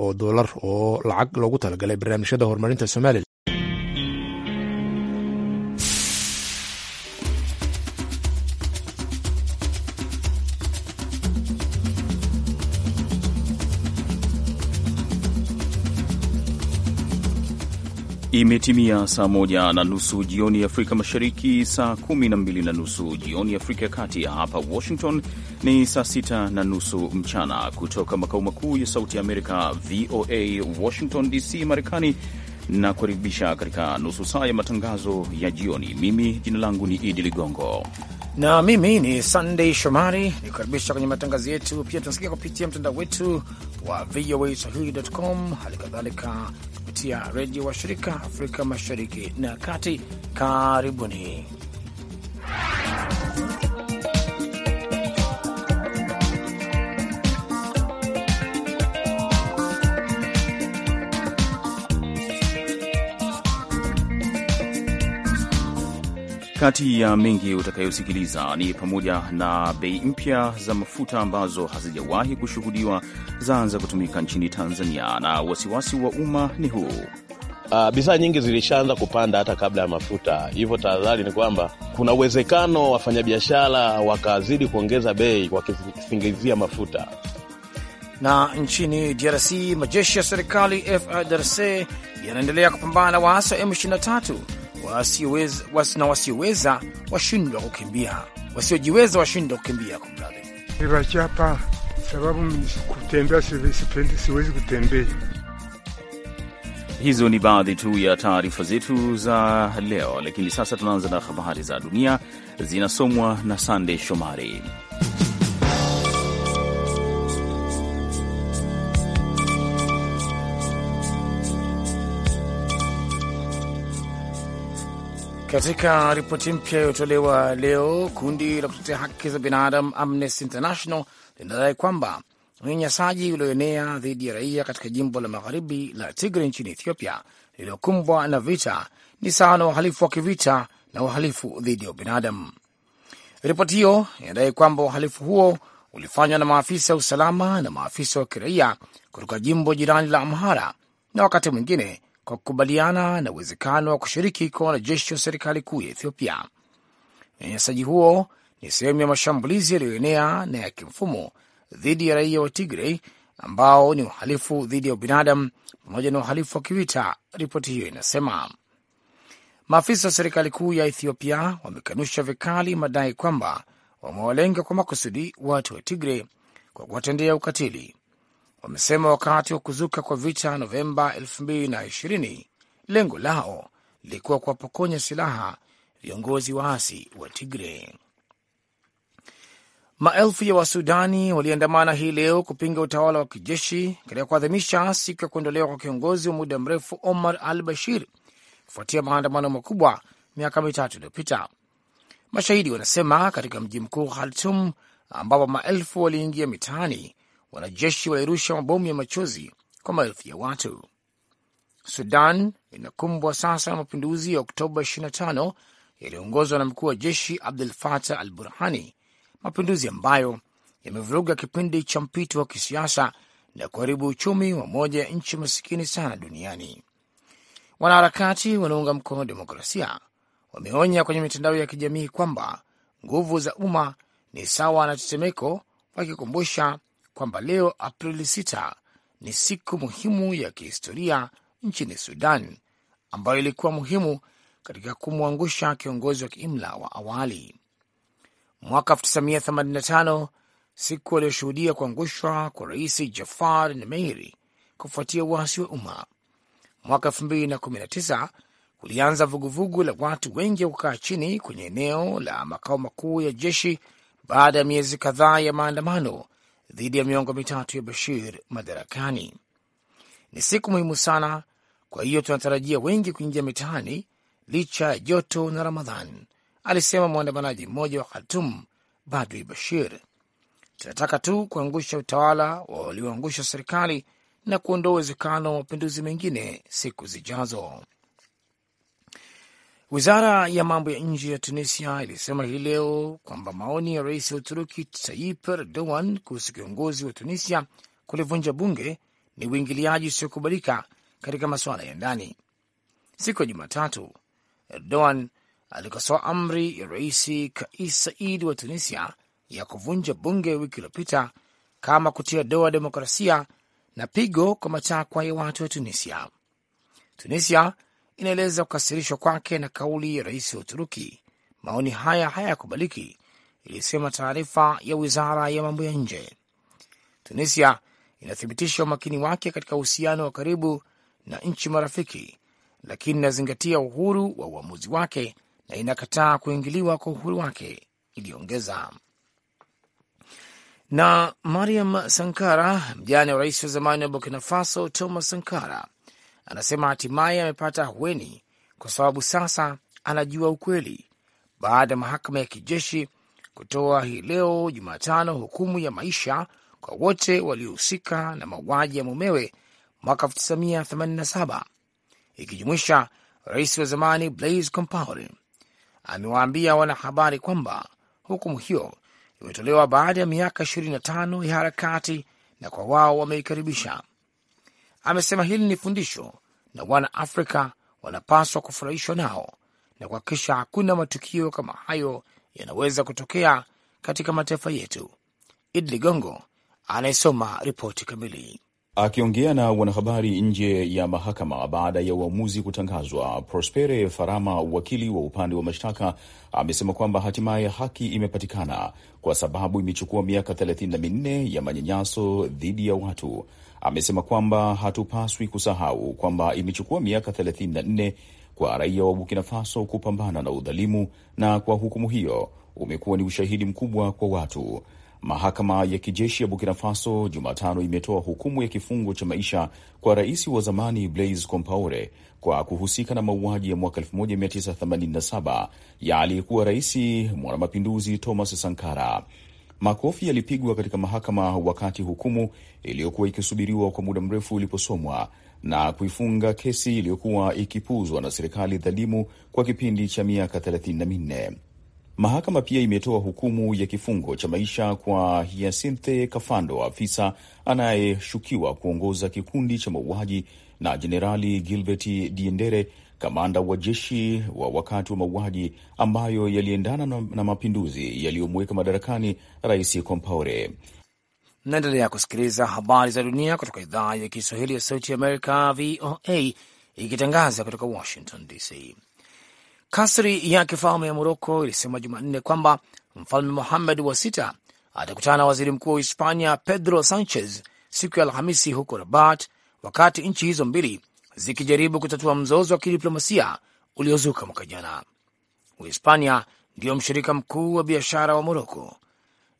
oo dolar oo lacag loogu talagalay barnaamijyada horumarinta somalilan Imetimia saa moja na nusu jioni Afrika Mashariki, saa kumi na mbili na nusu jioni Afrika ya Kati. Hapa Washington ni saa sita na nusu mchana. Kutoka makao makuu ya Sauti ya Amerika, VOA Washington DC, Marekani, na kukaribisha katika nusu saa ya matangazo ya jioni. Mimi jina langu ni Idi Ligongo na mimi ni Sunday Shomari nikukaribisha kwenye matangazo yetu. Pia tunasikia kupitia mtandao wetu wa VOA Swahili.com, hali kadhalika kupitia redio wa shirika Afrika Mashariki na Kati. Karibuni Kati ya mengi utakayosikiliza ni pamoja na bei mpya za mafuta ambazo hazijawahi kushuhudiwa zaanza kutumika nchini Tanzania, na wasiwasi wa umma ni huu. Uh, bidhaa nyingi zilishaanza kupanda hata kabla ya mafuta, hivyo tahadhari ni kwamba kuna uwezekano wafanyabiashara wakazidi kuongeza bei wakisingizia mafuta. Na nchini DRC majeshi ya serikali FARDC yanaendelea kupambana na waasi wa M23 wasioweza na wasioweza washindwa kukimbia, wasiojiweza washindwa kukimbia. Kumradhi, ivachapa sababu kutembea sipendi, siwezi kutembea. Hizo ni baadhi tu ya taarifa zetu za leo, lakini sasa tunaanza na habari za dunia zinasomwa na Sande Shomari. Katika ripoti mpya iliyotolewa leo, kundi la kutetea haki za binadamu Amnesty International linadai kwamba unyanyasaji ulioenea dhidi ya raia katika jimbo la magharibi la tigre nchini Ethiopia lililokumbwa na vita ni sawa na uhalifu wa kivita na uhalifu dhidi ya ubinadamu. Ripoti hiyo inadai kwamba uhalifu huo ulifanywa na maafisa wa usalama na maafisa wa kiraia kutoka jimbo jirani la Amhara na wakati mwingine kwa kukubaliana na uwezekano wa kushiriki kwa wanajeshi wa serikali kuu ya Ethiopia. Unyanyasaji huo ni sehemu ya mashambulizi yaliyoenea na ya kimfumo dhidi ya raia wa Tigrey ambao ni uhalifu dhidi ya ubinadamu pamoja na uhalifu wa kivita, ripoti hiyo inasema. Maafisa wa serikali kuu ya Ethiopia wamekanusha vikali madai kwamba wamewalenga kwa makusudi watu wa Tigre kwa kuwatendea ukatili wamesema wakati wa kuzuka kwa vita Novemba 2020 lengo lao lilikuwa kuwapokonya silaha viongozi waasi wa Tigre. Maelfu ya Wasudani waliandamana hii leo kupinga utawala wa kijeshi katika kuadhimisha siku ya kuondolewa kwa kiongozi wa muda mrefu Omar al Bashir kufuatia maandamano makubwa miaka mitatu iliyopita. Mashahidi wanasema katika mji mkuu Khartum, ambapo maelfu waliingia mitaani wanajeshi walirusha mabomu ya machozi kwa maelfu ya watu. Sudan inakumbwa sasa na mapinduzi ya Oktoba 25 yaliyoongozwa na mkuu wa jeshi Abdul Fatah al Burhani, mapinduzi ambayo yamevuruga kipindi cha mpito wa kisiasa na kuharibu uchumi wa moja ya nchi masikini sana duniani. Wanaharakati wanaunga mkono demokrasia wameonya kwenye mitandao ya kijamii kwamba nguvu za umma ni sawa na tetemeko, wakikumbusha kwamba leo Aprili 6 ni siku muhimu ya kihistoria nchini Sudan ambayo ilikuwa muhimu katika kumwangusha kiongozi wa kiimla wa awali mwaka 1985, siku aliyoshuhudia kuangushwa kwa Rais Jafar Nimeiri kufuatia uasi wa umma. Mwaka 2019 kulianza vuguvugu la watu wengi wa kukaa chini kwenye eneo la makao makuu ya jeshi baada ya miezi kadhaa ya maandamano dhidi ya miongo mitatu ya Bashir madarakani. Ni siku muhimu sana, kwa hiyo tunatarajia wengi kuingia mitaani licha ya joto na Ramadhan, alisema mwandamanaji mmoja wa Khartum, badwi Bashir. Tunataka tu kuangusha utawala wa walioangusha serikali na kuondoa uwezekano wa mapinduzi mengine siku zijazo. Wizara ya mambo ya nje ya Tunisia ilisema hii leo kwamba maoni ya rais wa Uturuki Tayyip Erdogan kuhusu kiongozi wa Tunisia kulivunja bunge ni uingiliaji usiokubalika katika masuala ya ndani. Siku ya Jumatatu, Erdogan alikosoa amri ya rais Kais Said wa Tunisia ya kuvunja bunge wiki iliyopita kama kutia doa demokrasia na pigo kwa matakwa ya watu wa Tunisia. Tunisia inaeleza kukasirishwa kwake na kauli ya rais wa Uturuki. Maoni haya hayakubaliki, ilisema taarifa ya wizara ya mambo ya nje. Tunisia inathibitisha umakini wake katika uhusiano wa karibu na nchi marafiki, lakini inazingatia uhuru wa uamuzi wake na inakataa kuingiliwa kwa uhuru wake, iliongeza. Na Mariam Sankara, mjane wa rais wa zamani wa Burkina Faso Thomas Sankara, anasema hatimaye amepata ahueni kwa sababu sasa anajua ukweli, baada ya mahakama ya kijeshi kutoa hii leo Jumatano hukumu ya maisha kwa wote waliohusika na mauaji ya mumewe mwaka 1987 ikijumuisha rais wa zamani Blaise Compaore. Amewaambia wanahabari kwamba hukumu hiyo imetolewa baada ya miaka 25 ya harakati na kwa wao wameikaribisha. Amesema hili ni fundisho na Afrika wanapaswa kufurahishwa nao na kuhakikisha hakuna matukio kama hayo yanaweza kutokea katika mataifa yetu. Id Ligongo anayesoma ripoti kamili. Akiongea na wanahabari nje ya mahakama baada ya uamuzi kutangazwa, Prospere Farama, wakili wa upande wa mashtaka, amesema kwamba hatimaye haki imepatikana kwa sababu imechukua miaka 34 ya manyanyaso dhidi ya watu amesema kwamba hatupaswi kusahau kwamba imechukua miaka 34 kwa raia wa Burkina Faso kupambana na udhalimu, na kwa hukumu hiyo umekuwa ni ushahidi mkubwa kwa watu. Mahakama ya kijeshi ya Burkina Faso Jumatano imetoa hukumu ya kifungo cha maisha kwa rais wa zamani Blaise Compaore kwa kuhusika na mauaji ya mwaka 1987 ya aliyekuwa rais mwanamapinduzi Thomas Sankara. Makofi yalipigwa katika mahakama wakati hukumu iliyokuwa ikisubiriwa kwa muda mrefu iliposomwa na kuifunga kesi iliyokuwa ikipuuzwa na serikali dhalimu kwa kipindi cha miaka thelathini na minne. Mahakama pia imetoa hukumu ya kifungo cha maisha kwa Hyacinthe Kafando, afisa anayeshukiwa kuongoza kikundi cha mauaji na Jenerali Gilbert Diendere, kamanda wa jeshi wa wakati wa mauaji ambayo yaliendana na mapinduzi yaliyomweka madarakani Rais Compaore. Naendelea kusikiliza habari za dunia kutoka idhaa ya Kiswahili ya Sauti ya Amerika, VOA, ikitangaza kutoka Washington DC. Kasri ya kifalme ya Moroko ilisema Jumanne kwamba mfalme mohamed wa sita atakutana na waziri mkuu wa Hispania Pedro Sanchez siku ya Alhamisi huko Rabat, wakati nchi hizo mbili zikijaribu kutatua mzozo wa kidiplomasia uliozuka mwaka jana. Uhispania ndiyo mshirika mkuu wa biashara wa Moroko.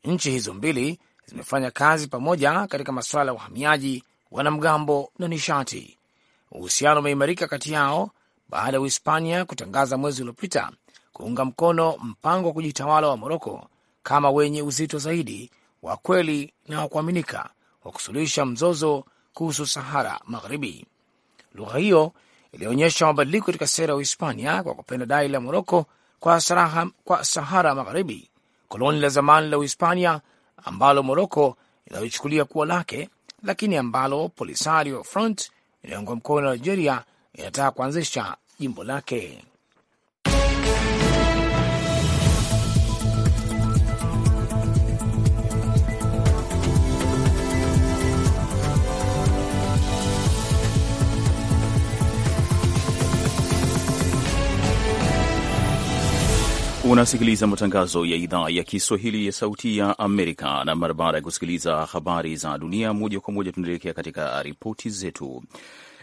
Nchi hizo mbili zimefanya kazi pamoja katika masuala ya uhamiaji, wanamgambo na nishati. Uhusiano umeimarika kati yao baada ya Uhispania kutangaza mwezi uliopita kuunga mkono mpango wa kujitawala wa Moroko kama wenye uzito zaidi wa kweli na wa kuaminika wa kusuluhisha mzozo kuhusu Sahara Magharibi. Lugha hiyo ilionyesha mabadiliko katika sera ya Uhispania kwa kupenda dai la Moroko kwa, kwa Sahara Magharibi, koloni la zamani la Uhispania ambalo Moroko inayochukulia kuwa lake, lakini ambalo Polisario Front inayoungwa mkono na Algeria inataka kuanzisha jimbo lake. Unasikiliza matangazo ya idhaa ya Kiswahili ya Sauti ya Amerika, na mara baada ya kusikiliza habari za dunia moja kwa moja, tunaelekea katika ripoti zetu.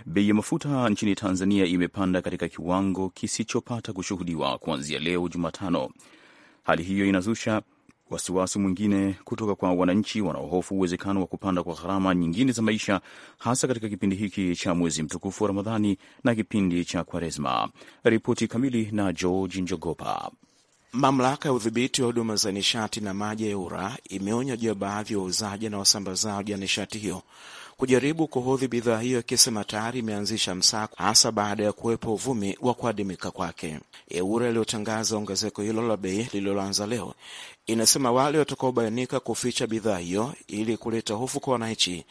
Bei ya mafuta nchini Tanzania imepanda katika kiwango kisichopata kushuhudiwa kuanzia leo Jumatano. Hali hiyo inazusha wasiwasi mwingine kutoka kwa wananchi wanaohofu uwezekano wa kupanda kwa gharama nyingine za maisha, hasa katika kipindi hiki cha mwezi mtukufu wa Ramadhani na kipindi cha Kwaresma. Ripoti kamili na George Njogopa. Mamlaka ya udhibiti wa huduma za nishati na maji ya ura imeonya juu ya baadhi ya wauzaji na wasambazaji wa nishati hiyo kujaribu kuhodhi bidhaa hiyo, akisema tayari imeanzisha msako, hasa baada ya kuwepo uvumi wa kuadimika kwake. EWURA iliyotangaza ongezeko hilo la bei lililoanza leo inasema wale watakaobainika kuficha bidhaa hiyo ili kuleta hofu kwa wananchi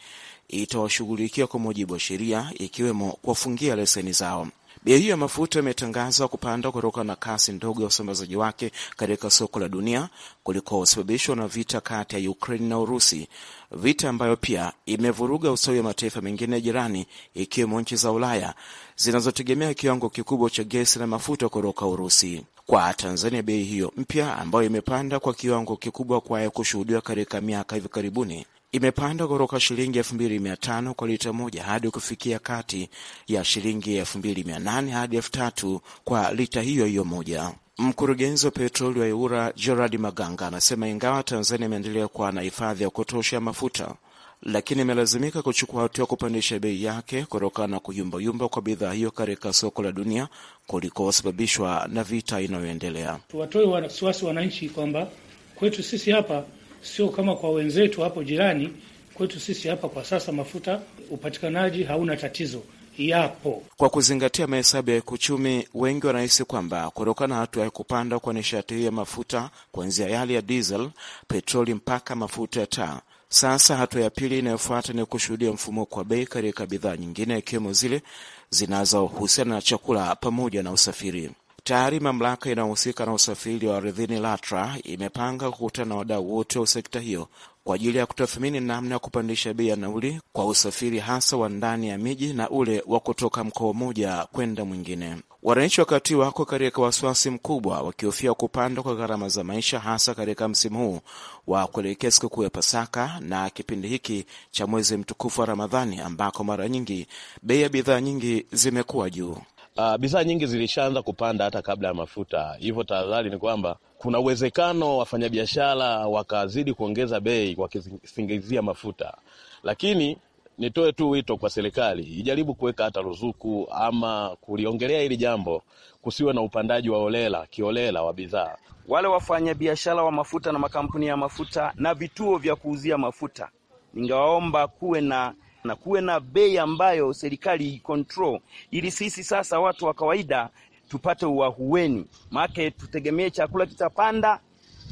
itawashughulikia kwa mujibu wa sheria, ikiwemo kuwafungia leseni zao. Bei hiyo ya mafuta imetangazwa kupanda kutoka na kasi ndogo ya usambazaji wake katika soko la dunia kulikosababishwa na vita kati ya Ukraini na Urusi, vita ambayo pia imevuruga usawi wa mataifa mengine ya jirani ikiwemo nchi za Ulaya zinazotegemea kiwango kikubwa cha gesi na mafuta kutoka Urusi. Kwa Tanzania, bei hiyo mpya ambayo imepanda kwa kiwango kikubwa kwaya kushuhudiwa katika miaka hivi karibuni imepanda kutoka shilingi elfu mbili mia tano kwa lita moja hadi kufikia kati ya shilingi elfu mbili mia nane hadi elfu tatu kwa lita hiyo hiyo moja. Mkurugenzi wa petroli wa iura Gerard Maganga anasema ingawa Tanzania imeendelea kuwa na hifadhi ya kutosha ya mafuta, lakini imelazimika kuchukua hatua kupandisha bei yake kutokana na kuyumbayumba kwa bidhaa hiyo katika soko la dunia kulikosababishwa na vita inayoendelea. Tuwatoe wasiwasi wananchi kwamba kwetu sisi hapa sio kama kwa wenzetu hapo jirani. Kwetu sisi hapa kwa sasa mafuta upatikanaji hauna tatizo yapo. Kwa kuzingatia mahesabu ya kiuchumi, wengi wanahisi kwamba kutokana na hatua ya kupanda kwa nishati hiyo ya mafuta kuanzia yale ya diesel, petroli mpaka mafuta ya taa sasa hatua ya pili inayofuata ni kushuhudia mfumuko wa bei katika bidhaa nyingine ikiwemo zile zinazohusiana na chakula pamoja na usafiri. Tayari mamlaka inayohusika na usafiri wa ardhini LATRA imepanga kukutana na wadau wote wa sekta hiyo kwa ajili ya kutathmini namna ya kupandisha bei ya nauli kwa usafiri hasa wa ndani ya miji na ule wa kutoka mkoa mmoja kwenda mwingine. Wananchi wakati wako katika wasiwasi mkubwa, wakihofia kupanda kwa gharama za maisha, hasa katika msimu huu wa kuelekea sikukuu ya Pasaka na kipindi hiki cha mwezi mtukufu wa Ramadhani, ambako mara nyingi bei ya bidhaa nyingi zimekuwa juu. Uh, bidhaa nyingi zilishaanza kupanda hata kabla ya mafuta, hivyo tahadhari ni kwamba kuna uwezekano wafanyabiashara wakazidi kuongeza bei wakisingizia mafuta, lakini nitoe tu wito kwa serikali ijaribu kuweka hata ruzuku ama kuliongelea hili jambo, kusiwe na upandaji wa olela kiolela wa bidhaa. Wale wafanyabiashara wa mafuta na makampuni ya mafuta na vituo vya kuuzia mafuta, ningewaomba kuwe na na kuwe na bei ambayo serikali control, ili sisi sasa watu wa kawaida tupate uahueni, make tutegemee chakula kitapanda,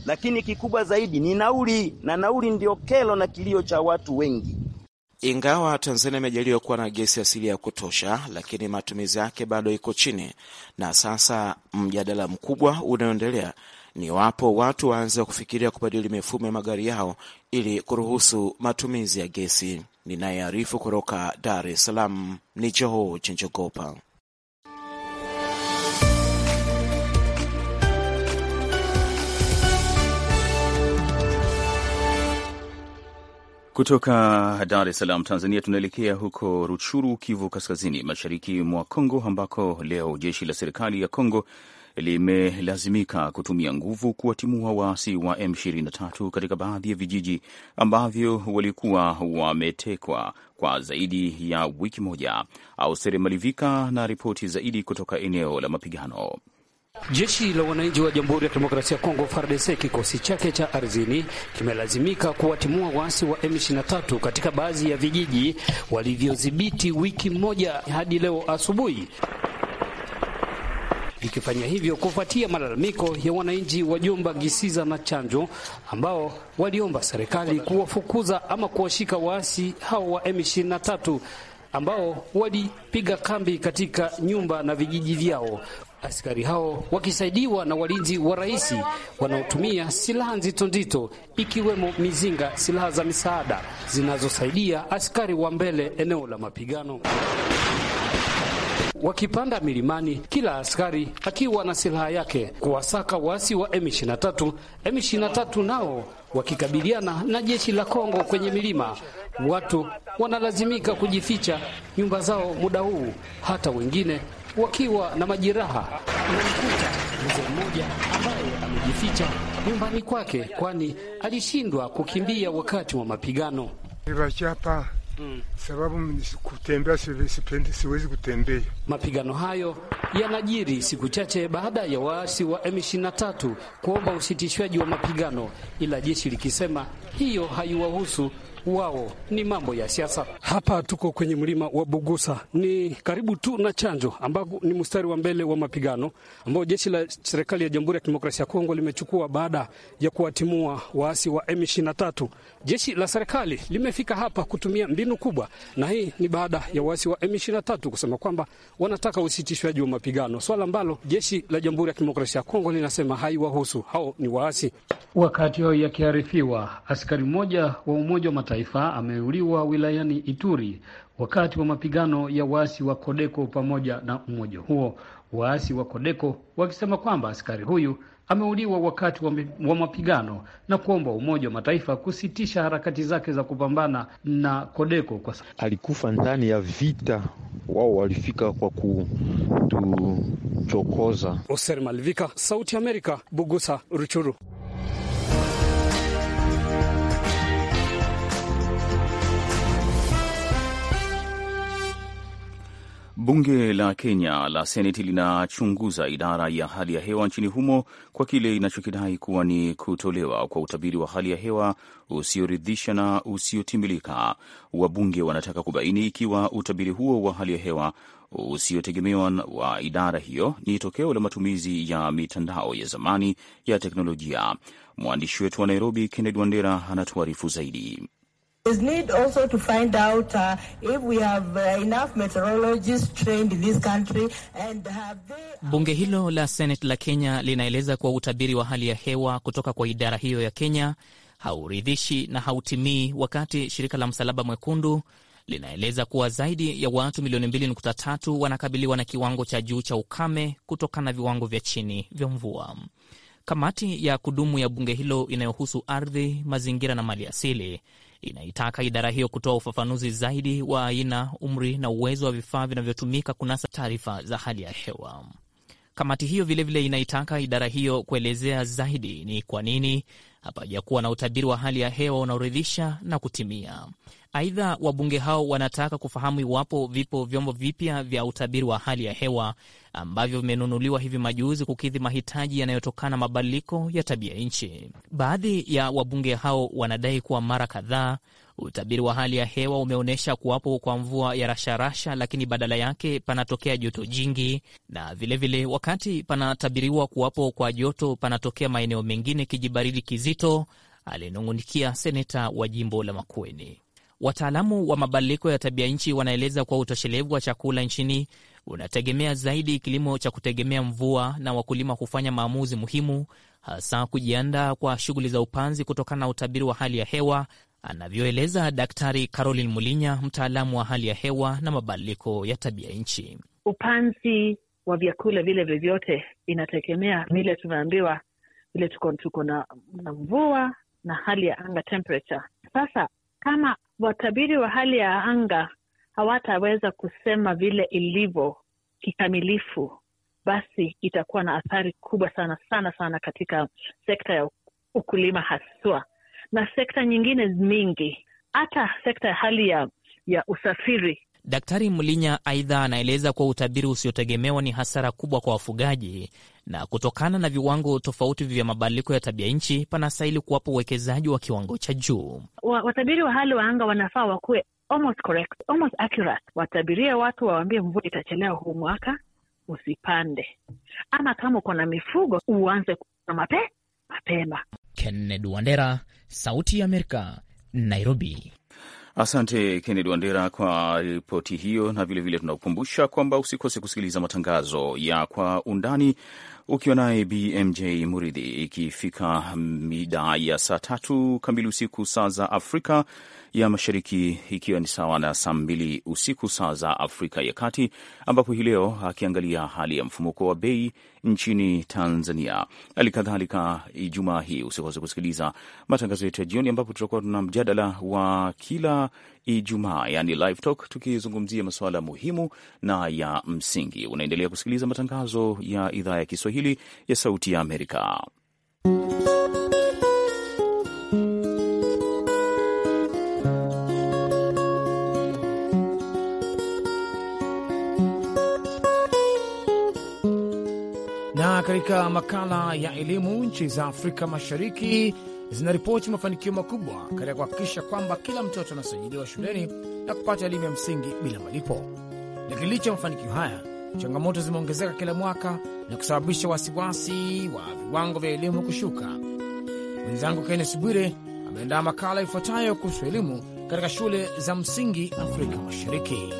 lakini kikubwa zaidi ni nauli, na nauli ndio kelo na kilio cha watu wengi. Ingawa Tanzania imejaliwa kuwa na gesi asili ya kutosha, lakini matumizi yake bado iko chini, na sasa mjadala mkubwa unaoendelea ni wapo watu waanze kufikiria kubadili mifumo ya magari yao ili kuruhusu matumizi ya gesi. Ninayearifu kutoka Dar es Salaam ni Joho Chenjogopa. Kutoka Dar es Salaam, Tanzania, tunaelekea huko Ruchuru, Kivu Kaskazini, mashariki mwa Kongo, ambako leo jeshi la serikali ya Kongo limelazimika kutumia nguvu kuwatimua waasi wa M23 katika baadhi ya vijiji ambavyo walikuwa wametekwa kwa zaidi ya wiki moja. Ausere Malivika na ripoti zaidi kutoka eneo la mapigano. Jeshi la wananchi wa Jamhuri ya Kidemokrasia ya Kongo FARDC kikosi chake cha ardhini kimelazimika kuwatimua waasi wa M23 katika baadhi ya vijiji walivyodhibiti wiki moja hadi leo asubuhi ikifanya hivyo kufuatia malalamiko ya wananchi wa Jomba, Gisiza na Chanjo ambao waliomba serikali kuwafukuza ama kuwashika waasi hao wa M23 ambao walipiga kambi katika nyumba na vijiji vyao. Askari hao wakisaidiwa na walinzi wa rais wanaotumia silaha nzito nzito ikiwemo mizinga, silaha za misaada zinazosaidia askari wa mbele eneo la mapigano wakipanda milimani, kila askari akiwa na silaha yake kuwasaka waasi wa M23. M23 nao wakikabiliana na jeshi la Kongo kwenye milima, watu wanalazimika kujificha nyumba zao muda huu, hata wengine wakiwa na majeraha. Namkuta mzee mmoja ambaye amejificha nyumbani kwake, kwani alishindwa kukimbia wakati wa mapigano. Sababu kutembea sipendi, siwezi kutembea. Mapigano hayo yanajiri siku chache baada ya waasi wa M23 kuomba usitishwaji wa mapigano, ila jeshi likisema hiyo haiwahusu wao ni mambo ya siasa. Hapa tuko kwenye mlima wa Bugusa, ni karibu tu na chanjo ambao ni mstari wa mbele wa mapigano ambao jeshi la serikali ya Jamhuri ya Kidemokrasia ya Kongo limechukua baada ya kuwatimua waasi wa M23. Jeshi la serikali limefika hapa kutumia mbinu kubwa, na hii ni baada ya waasi wa M23 kusema kwamba wanataka usitishwaji wa mapigano, swala ambalo jeshi la Jamhuri ya Kidemokrasia ya Kongo linasema haiwahusu, hao ni waasi. Wakati hao yakiarifiwa, askari mmoja wa Umoja wa Mataifa Taifa ameuliwa wilayani Ituri wakati wa mapigano ya waasi wa Kodeko pamoja na umoja huo, waasi wa Kodeko wakisema kwamba askari huyu ameuliwa wakati wa mapigano na kuomba Umoja wa Mataifa kusitisha harakati zake za kupambana na Kodeko kwa Alikufa ndani ya vita, wao walifika kwa kutuchokoza. Oser Malvika, Sauti Amerika, Bugusa, Ruchuru. Bunge la Kenya la Seneti linachunguza idara ya hali ya hewa nchini humo kwa kile inachokidai kuwa ni kutolewa kwa utabiri wa hali ya hewa usioridhisha na usiotimilika. Wabunge wanataka kubaini ikiwa utabiri huo wa hali ya hewa usiotegemewa wa idara hiyo ni tokeo la matumizi ya mitandao ya zamani ya teknolojia. Mwandishi wetu wa Nairobi, Kennedy Wandera, anatuarifu zaidi. Bunge hilo la Senate la Kenya linaeleza kuwa utabiri wa hali ya hewa kutoka kwa idara hiyo ya Kenya hauridhishi na hautimii, wakati shirika la Msalaba Mwekundu linaeleza kuwa zaidi ya watu milioni 2.3 wanakabiliwa na kiwango cha juu cha ukame kutokana na viwango vya chini vya mvua. Kamati ya kudumu ya bunge hilo inayohusu ardhi, mazingira na mali asili inaitaka idara hiyo kutoa ufafanuzi zaidi wa aina, umri na uwezo wa vifaa vinavyotumika kunasa taarifa za hali ya hewa. Kamati hiyo vilevile vile inaitaka idara hiyo kuelezea zaidi ni kwa nini hapajakuwa na utabiri wa hali ya hewa unaoridhisha na kutimia. Aidha, wabunge hao wanataka kufahamu iwapo vipo vyombo vipya vya utabiri wa hali ya hewa ambavyo vimenunuliwa hivi majuzi kukidhi mahitaji yanayotokana mabadiliko ya tabia nchi. Baadhi ya wabunge hao wanadai kuwa mara kadhaa utabiri wa hali ya hewa umeonyesha kuwapo kwa mvua ya rasharasha, lakini badala yake panatokea joto jingi, na vilevile vile, wakati panatabiriwa kuwapo kwa joto panatokea maeneo mengine kijibaridi kizito, alinung'unikia seneta wa jimbo la Makueni. Wataalamu wa mabadiliko ya tabia nchi wanaeleza kuwa utoshelevu wa chakula nchini unategemea zaidi kilimo cha kutegemea mvua, na wakulima hufanya maamuzi muhimu, hasa kujiandaa kwa shughuli za upanzi kutokana na utabiri wa hali ya hewa, anavyoeleza Daktari Caroline Mulinya, mtaalamu wa hali ya hewa na mabadiliko ya tabia nchi. Upanzi wa vyakula vile vyovyote inategemea vile tunaambiwa, vile tuko tuko na, na mvua na hali ya anga temperature. Sasa kama watabiri wa hali ya anga hawataweza kusema vile ilivyo kikamilifu, basi itakuwa na athari kubwa sana sana sana katika sekta ya ukulima haswa na sekta nyingine mingi, hata sekta ya hali ya ya usafiri Daktari Mlinya aidha anaeleza kuwa utabiri usiotegemewa ni hasara kubwa kwa wafugaji, na kutokana na viwango tofauti vya mabadiliko ya tabia nchi, panastahili kuwapo uwekezaji wa kiwango cha juu. Watabiri wa hali wa anga wanafaa wakuwe almost correct, almost accurate. Watabirie watu wawambie mvua itachelewa huu mwaka, usipande, ama kama uko na mifugo uanze mape mapema. Kennedy Wandera, Sauti ya Amerika, Nairobi. Asante Kennedy Wandera kwa ripoti hiyo, na vilevile tunakukumbusha kwamba usikose kusikiliza matangazo ya Kwa Undani ukiwa naye BMJ Muridhi. Ikifika mida ya saa tatu kamili usiku saa za Afrika ya Mashariki, ikiwa ni sawa na saa mbili usiku saa za Afrika ya Kati, ambapo hii leo akiangalia hali ya mfumuko wa bei nchini Tanzania. Hali kadhalika Ijumaa hii usikose kusikiliza matangazo yetu ya jioni, ambapo tutakuwa tuna mjadala wa kila Ijumaa, yani live talk, tukizungumzia masuala muhimu na ya msingi. Unaendelea kusikiliza matangazo ya idhaa ya Kiswahili ya Sauti ya Amerika. Na katika makala ya elimu, nchi za Afrika Mashariki zinaripoti mafanikio makubwa katika kuhakikisha kwamba kila mtoto anasajiliwa shuleni na kupata elimu ya msingi bila malipo. Lakini licha ya mafanikio haya, changamoto zimeongezeka kila mwaka na kusababisha wasiwasi wa viwango vya elimu kushuka. Mwenzangu Kennes Bwire ameandaa makala ifuatayo kuhusu elimu katika shule za msingi Afrika Mashariki.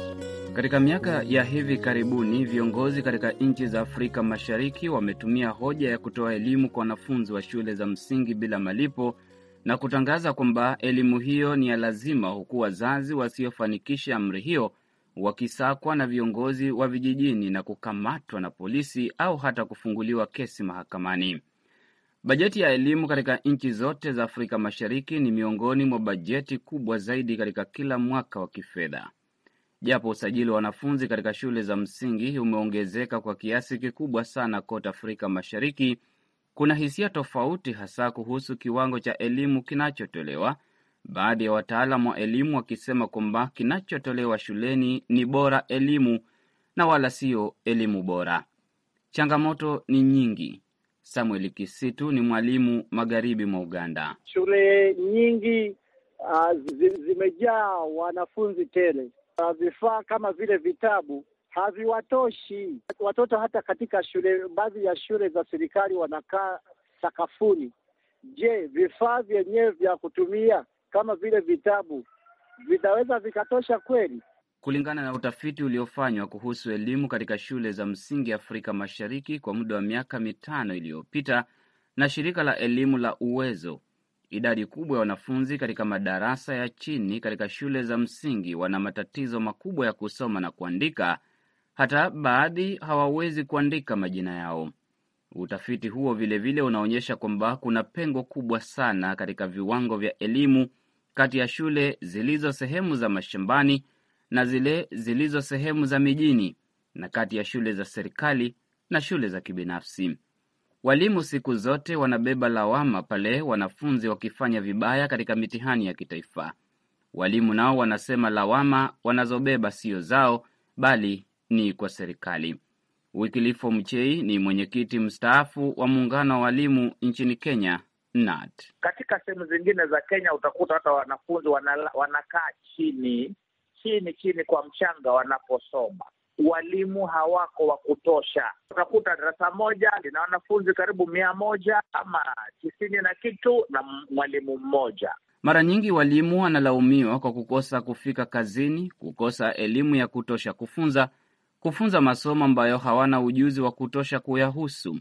Katika miaka ya hivi karibuni, viongozi katika nchi za Afrika Mashariki wametumia hoja ya kutoa elimu kwa wanafunzi wa shule za msingi bila malipo na kutangaza kwamba elimu hiyo ni ya lazima, huku wazazi wasiofanikisha amri hiyo wakisakwa na viongozi wa vijijini na kukamatwa na polisi au hata kufunguliwa kesi mahakamani. Bajeti ya elimu katika nchi zote za Afrika Mashariki ni miongoni mwa bajeti kubwa zaidi katika kila mwaka wa kifedha. Japo usajili wa wanafunzi katika shule za msingi umeongezeka kwa kiasi kikubwa sana kote Afrika Mashariki, kuna hisia tofauti hasa kuhusu kiwango cha elimu kinachotolewa, baadhi ya wataalam wa elimu wakisema kwamba kinachotolewa shuleni ni bora elimu na wala sio elimu bora. Changamoto ni nyingi. Samuel Kisitu ni mwalimu magharibi mwa Uganda. Shule nyingi uh, zimejaa wanafunzi tele Uh, vifaa kama vile vitabu haviwatoshi watoto. Hata katika shule, baadhi ya shule za serikali wanakaa sakafuni. Je, vifaa vyenyewe vya kutumia kama vile vitabu vitaweza vikatosha kweli? Kulingana na utafiti uliofanywa kuhusu elimu katika shule za msingi Afrika Mashariki kwa muda wa miaka mitano iliyopita na shirika la elimu la Uwezo, Idadi kubwa ya wanafunzi katika madarasa ya chini katika shule za msingi wana matatizo makubwa ya kusoma na kuandika, hata baadhi hawawezi kuandika majina yao. Utafiti huo vilevile vile unaonyesha kwamba kuna pengo kubwa sana katika viwango vya elimu kati ya shule zilizo sehemu za mashambani na zile zilizo sehemu za mijini na kati ya shule za serikali na shule za kibinafsi. Walimu siku zote wanabeba lawama pale wanafunzi wakifanya vibaya katika mitihani ya kitaifa. Walimu nao wanasema lawama wanazobeba sio zao, bali ni kwa serikali. Wikilifo Mchei ni mwenyekiti mstaafu wa muungano wa walimu nchini Kenya, NAT. Katika sehemu zingine za Kenya utakuta hata wanafunzi wanakaa chini chini chini kwa mchanga wanaposoma walimu hawako wa kutosha. Unakuta darasa moja lina wanafunzi karibu mia moja ama tisini na kitu na mwalimu mmoja. Mara nyingi walimu wanalaumiwa kwa kukosa kufika kazini, kukosa elimu ya kutosha kufunza, kufunza masomo ambayo hawana ujuzi wa kutosha kuyahusu.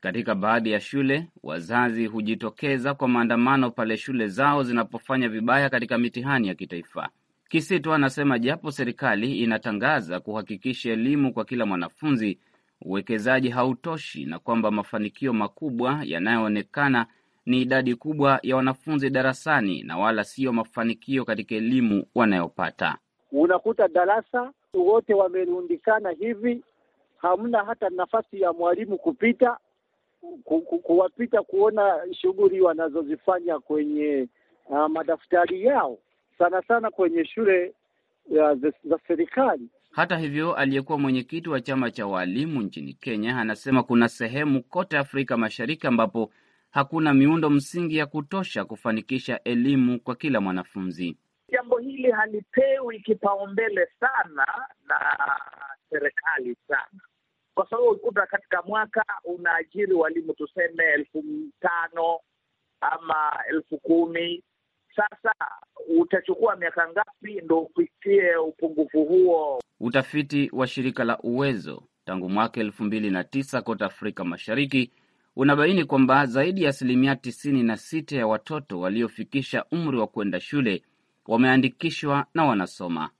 Katika baadhi ya shule, wazazi hujitokeza kwa maandamano pale shule zao zinapofanya vibaya katika mitihani ya kitaifa. Kisito anasema japo serikali inatangaza kuhakikisha elimu kwa kila mwanafunzi, uwekezaji hautoshi na kwamba mafanikio makubwa yanayoonekana ni idadi kubwa ya wanafunzi darasani na wala siyo mafanikio katika elimu wanayopata. Unakuta darasa wote wamerundikana hivi, hamna hata nafasi ya mwalimu kupita ku, ku, kuwapita kuona shughuli wanazozifanya kwenye uh, madaftari yao sana sana kwenye shule ya za serikali. Hata hivyo, aliyekuwa mwenyekiti wa chama cha walimu nchini Kenya anasema kuna sehemu kote Afrika Mashariki ambapo hakuna miundo msingi ya kutosha kufanikisha elimu kwa kila mwanafunzi. Jambo hili halipewi kipaumbele sana na serikali sana, kwa sababu ukuta katika mwaka unaajiri walimu tuseme elfu tano ama elfu kumi sasa utachukua miaka ngapi ndo upitie upungufu huo? Utafiti wa shirika la Uwezo tangu mwaka elfu mbili na tisa kote Afrika Mashariki unabaini kwamba zaidi ya asilimia tisini na sita ya watoto waliofikisha umri wa kwenda shule wameandikishwa na wanasoma.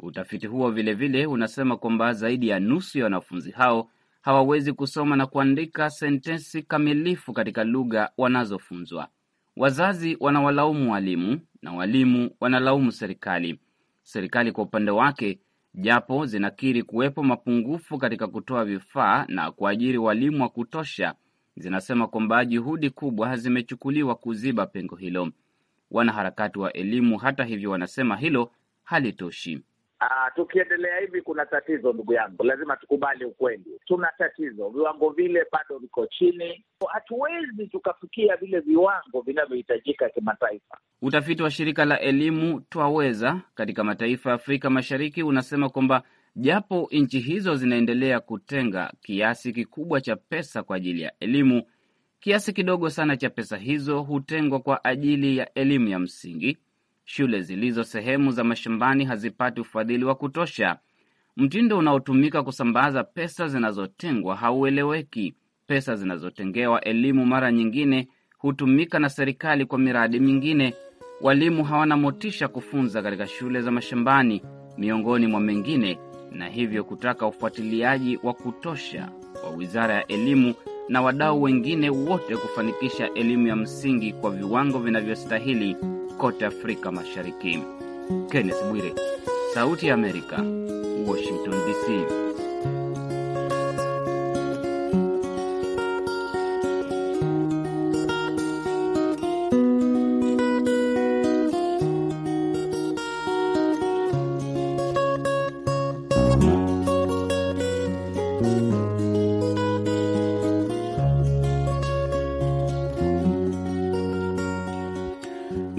Utafiti huo vilevile vile unasema kwamba zaidi ya nusu ya wanafunzi hao hawawezi kusoma na kuandika sentensi kamilifu katika lugha wanazofunzwa. Wazazi wanawalaumu walimu na walimu wanalaumu serikali. Serikali kwa upande wake, japo zinakiri kuwepo mapungufu katika kutoa vifaa na kuajiri walimu wa kutosha, zinasema kwamba juhudi kubwa zimechukuliwa kuziba pengo hilo. Wanaharakati wa elimu hata hivyo, wanasema hilo halitoshi. Aa, ah, tukiendelea hivi kuna tatizo ndugu yangu, lazima tukubali ukweli, tuna tatizo. Viwango vile bado viko chini, hatuwezi tukafikia vile viwango vinavyohitajika kimataifa. Utafiti wa shirika la elimu Twaweza katika mataifa ya Afrika Mashariki unasema kwamba japo nchi hizo zinaendelea kutenga kiasi kikubwa cha pesa kwa ajili ya elimu, kiasi kidogo sana cha pesa hizo hutengwa kwa ajili ya elimu ya msingi Shule zilizo sehemu za mashambani hazipati ufadhili wa kutosha. Mtindo unaotumika kusambaza pesa zinazotengwa haueleweki. Pesa zinazotengewa elimu mara nyingine hutumika na serikali kwa miradi mingine. Walimu hawana motisha kufunza katika shule za mashambani, miongoni mwa mengine, na hivyo kutaka ufuatiliaji wa kutosha wa Wizara ya Elimu na wadau wengine wote kufanikisha elimu ya msingi kwa viwango vinavyostahili kote Afrika Mashariki. Kenneth Bwire, Sauti ya Amerika, Washington DC.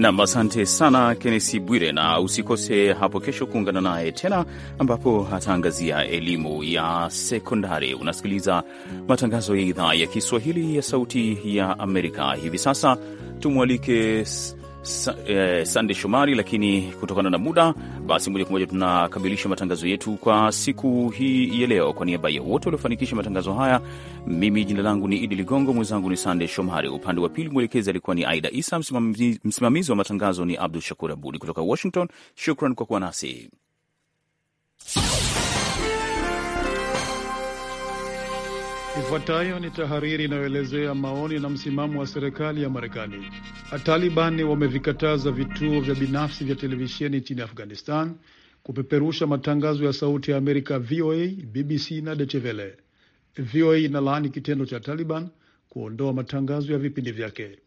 Nam, asante sana Kennesi Bwire, na usikose hapo kesho kuungana naye tena, ambapo ataangazia elimu ya sekondari. Unasikiliza matangazo ya idhaa ya Kiswahili ya Sauti ya Amerika. Hivi sasa tumwalike eh, Sande Shomari, lakini kutokana na muda basi moja kwa moja tunakamilisha matangazo yetu kwa siku hii ya leo. Kwa niaba ya wote waliofanikisha matangazo haya, mimi jina langu ni Idi Ligongo, mwenzangu ni Sande Shomhari, upande wa pili mwelekezi alikuwa ni Aida Isa, msimamizi wa matangazo ni Abdu Shakur Abudi kutoka Washington. Shukran kwa kuwa nasi. Ifuatayo ni tahariri inayoelezea maoni na msimamo wa serikali ya Marekani. Taliban wamevikataza vituo vya binafsi vya televisheni nchini Afghanistan kupeperusha matangazo ya Sauti ya Amerika, VOA, BBC na Dechevele. VOA inalaani kitendo cha Taliban kuondoa matangazo ya vipindi vyake.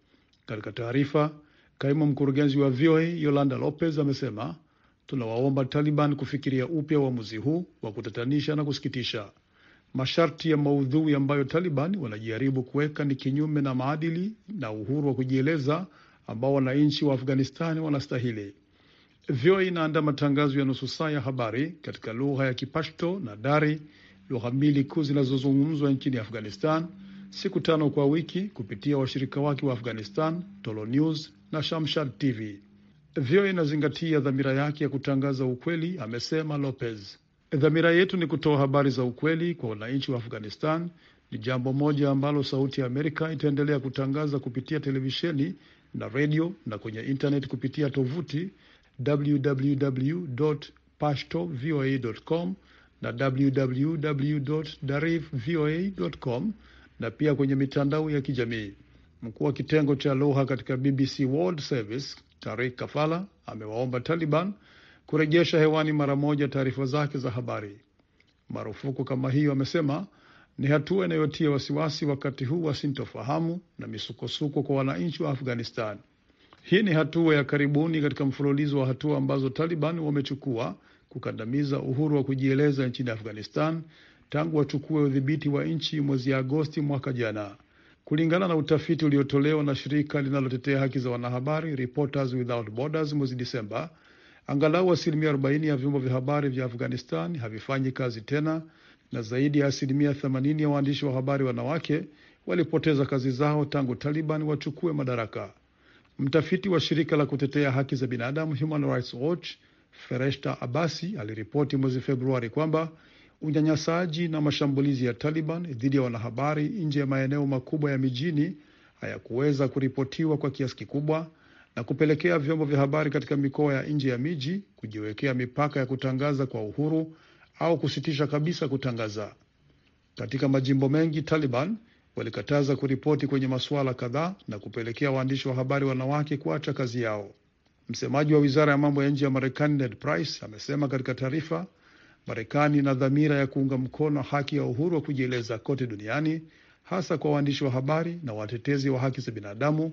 Katika taarifa, kaimu mkurugenzi wa VOA Yolanda Lopez amesema, tunawaomba Taliban kufikiria upya uamuzi huu wa kutatanisha na kusikitisha. Masharti ya maudhui ambayo Taliban wanajaribu kuweka ni kinyume na maadili na uhuru wa kujieleza ambao wananchi wa Afghanistani wanastahili. Vyo inaandaa matangazo ya nusu saa ya habari katika lugha ya Kipashto na Dari, lugha mbili kuu zinazozungumzwa nchini Afghanistan, siku tano kwa wiki kupitia washirika wake wa Afghanistan, Tolo News na Shamshad TV. Vyo inazingatia dhamira yake ya kutangaza ukweli, amesema Lopez. Dhamira yetu ni kutoa habari za ukweli kwa wananchi wa Afghanistan ni jambo moja ambalo Sauti ya Amerika itaendelea kutangaza kupitia televisheni na redio na kwenye intaneti kupitia tovuti www pashto voa com na www darif voa com na pia kwenye mitandao ya kijamii. Mkuu wa kitengo cha lugha katika BBC World Service Tarik Kafala amewaomba Taliban kurejesha hewani mara moja taarifa zake za habari. Marufuku kama hiyo, amesema ni hatua inayotia wasiwasi wakati huu wa sintofahamu na misukosuko kwa wananchi wa Afghanistan. Hii ni hatua ya karibuni katika mfululizo wa hatua ambazo Taliban wamechukua kukandamiza uhuru wa kujieleza nchini Afghanistan tangu wachukue udhibiti wa nchi mwezi Agosti mwaka jana, kulingana na utafiti uliotolewa na shirika linalotetea haki za wanahabari Reporters Without Borders mwezi Disemba. Angalau asilimia 40 ya vyombo vya habari vya Afghanistan havifanyi kazi tena na zaidi ya asilimia 80 ya waandishi wa habari wanawake walipoteza kazi zao tangu Taliban wachukue madaraka. Mtafiti wa shirika la kutetea haki za binadamu Human Rights Watch Fereshta Abasi aliripoti mwezi Februari kwamba unyanyasaji na mashambulizi ya Taliban dhidi ya wanahabari nje ya maeneo makubwa ya mijini hayakuweza kuripotiwa kwa kiasi kikubwa na kupelekea vyombo vya habari katika mikoa ya nje ya miji kujiwekea mipaka ya kutangaza kwa uhuru au kusitisha kabisa kutangaza. Katika majimbo mengi, Taliban walikataza kuripoti kwenye masuala kadhaa na kupelekea waandishi wa habari wanawake kuacha kazi yao. Msemaji wa wizara ya mambo ya nje ya Marekani Ned Price amesema katika taarifa, Marekani ina dhamira ya kuunga mkono haki ya uhuru wa kujieleza kote duniani, hasa kwa waandishi wa habari na watetezi wa haki za binadamu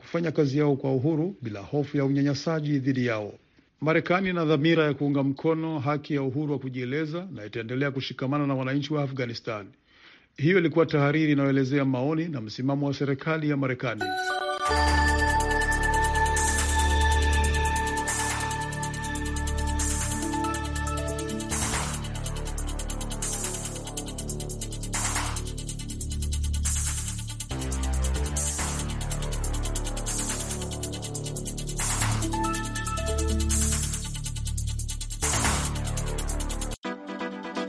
kufanya kazi yao kwa uhuru bila hofu ya unyanyasaji dhidi yao. Marekani ina dhamira ya kuunga mkono haki ya uhuru wa kujieleza na itaendelea kushikamana na wananchi wa Afghanistan. Hiyo ilikuwa tahariri inayoelezea maoni na msimamo wa serikali ya Marekani.